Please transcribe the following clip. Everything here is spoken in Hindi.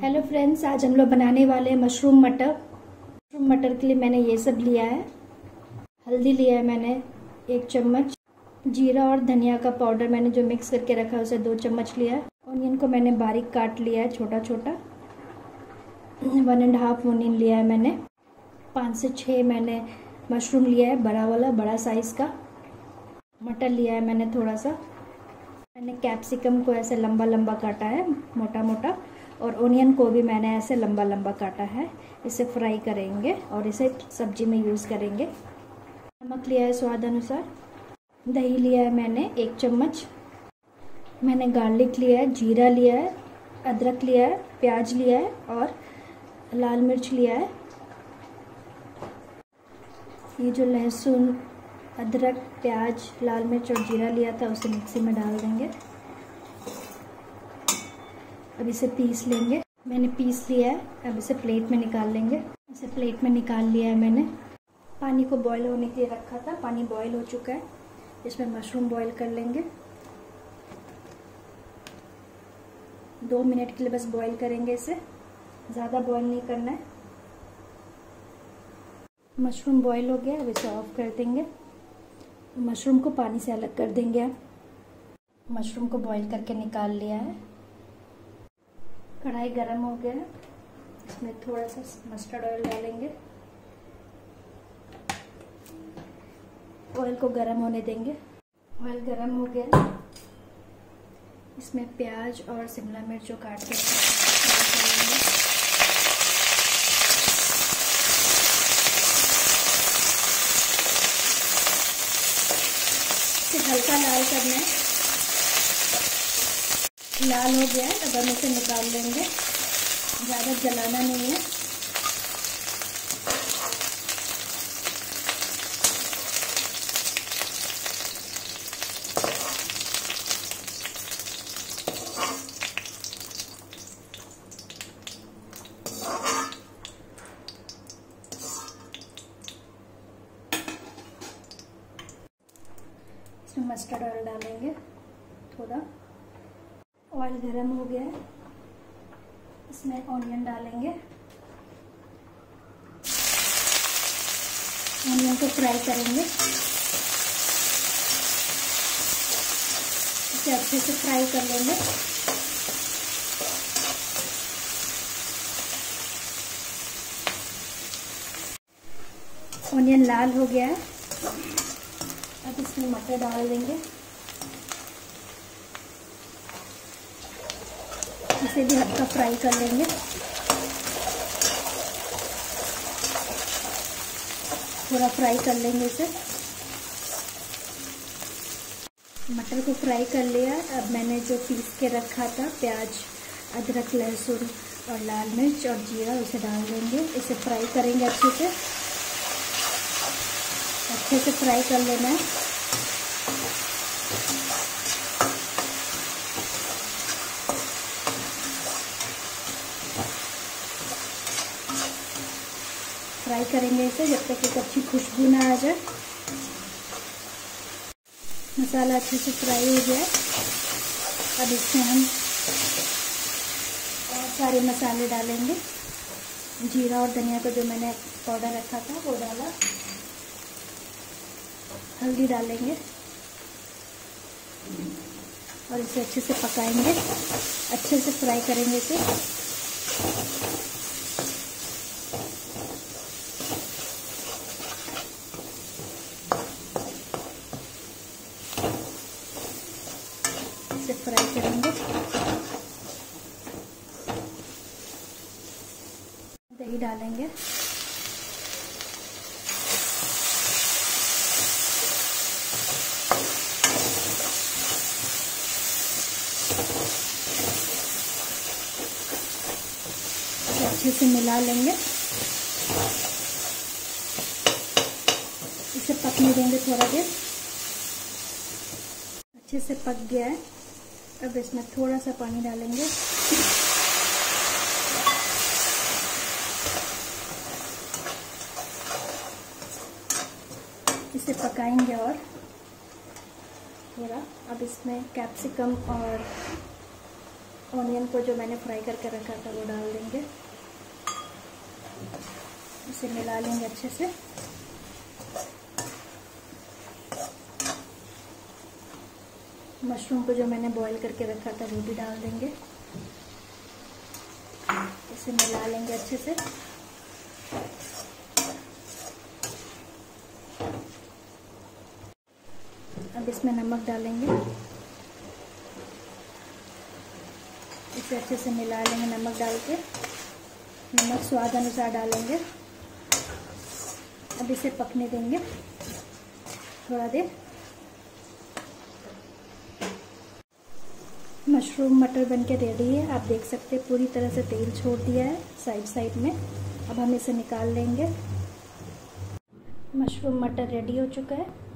हेलो फ्रेंड्स आज हम लोग बनाने वाले हैं मशरूम मटर मशरूम मटर के लिए मैंने ये सब लिया है हल्दी लिया है मैंने एक चम्मच जीरा और धनिया का पाउडर मैंने जो मिक्स करके रखा है उसे दो चम्मच लिया है ऑनियन को मैंने बारीक काट लिया है छोटा छोटा वन एंड हाफ ऑनियन लिया है मैंने पाँच से छः मैंने मशरूम लिया है बड़ा वाला बड़ा साइज़ का मटर लिया है मैंने थोड़ा सा मैंने कैप्सिकम को ऐसे लंबा लंबा काटा है मोटा मोटा और ओनियन को भी मैंने ऐसे लंबा लंबा काटा है इसे फ्राई करेंगे और इसे सब्जी में यूज़ करेंगे नमक लिया है स्वाद अनुसार दही लिया है मैंने एक चम्मच मैंने गार्लिक लिया है जीरा लिया है अदरक लिया है प्याज लिया है और लाल मिर्च लिया है ये जो लहसुन अदरक प्याज लाल मिर्च और जीरा लिया था उसे मिक्सी में डाल देंगे अब इसे पीस लेंगे मैंने पीस लिया है अब इसे प्लेट में निकाल लेंगे इसे प्लेट में निकाल लिया है मैंने पानी को बॉयल होने के लिए रखा था पानी बॉयल हो चुका है इसमें मशरूम बॉयल कर लेंगे दो मिनट के लिए बस बॉयल करेंगे इसे ज़्यादा बॉयल नहीं करना है मशरूम बॉयल हो गया अब इसे ऑफ कर देंगे मशरूम को पानी से अलग कर देंगे आप मशरूम को बॉयल करके निकाल लिया है कढ़ाई गर्म हो गया है इसमें थोड़ा सा मस्टर्ड ऑयल डालेंगे ऑयल को गर्म होने देंगे ऑयल गर्म हो गया इसमें प्याज और शिमला मिर्च जो काट के हल्का लाल करना है लाल हो गया है अब हम इसे निकाल लेंगे ज़्यादा जलाना नहीं है इसमें मस्टर्ड ऑयल डालेंगे थोड़ा ऑयल गर्म हो गया है इसमें ऑनियन डालेंगे ऑनियन को फ्राई करेंगे इसे अच्छे से फ्राई कर लेंगे ऑनियन लाल हो गया है अब इसमें मटर डाल देंगे इसे भी हल्का फ्राई कर लेंगे थोड़ा फ्राई कर लेंगे इसे मटर को फ्राई कर लिया अब मैंने जो पीस के रखा था प्याज अदरक लहसुन और लाल मिर्च और जीरा उसे डाल देंगे इसे फ्राई करेंगे अच्छे से अच्छे से फ्राई कर लेना है फ्राई करेंगे इसे जब तक एक अच्छी खुशबू ना आ जाए मसाला अच्छे से फ्राई हो जाए अब इसमें हम बहुत सारे मसाले डालेंगे जीरा और धनिया का जो मैंने पाउडर रखा था वो डाला हल्दी डालेंगे और इसे अच्छे से पकाएंगे अच्छे से फ्राई करेंगे इसे दही डालेंगे अच्छे से मिला लेंगे इसे पकने देंगे थोड़ा देर अच्छे से पक गया है अब इसमें थोड़ा सा पानी डालेंगे इसे पकाएंगे और थोड़ा अब इसमें कैप्सिकम और ऑनियन को जो मैंने फ्राई करके रखा था वो डाल देंगे इसे मिला लेंगे अच्छे से मशरूम को जो मैंने बॉईल करके रखा था वो भी डाल देंगे इसे मिला लेंगे अच्छे से इसमें नमक डालेंगे इसे अच्छे से मिला लेंगे नमक डाल के नमक स्वाद अनुसार डालेंगे अब इसे पकने देंगे थोड़ा देर मशरूम मटर बन के रेडी है आप देख सकते हैं पूरी तरह से तेल छोड़ दिया है साइड साइड में अब हम इसे निकाल लेंगे मशरूम मटर रेडी हो चुका है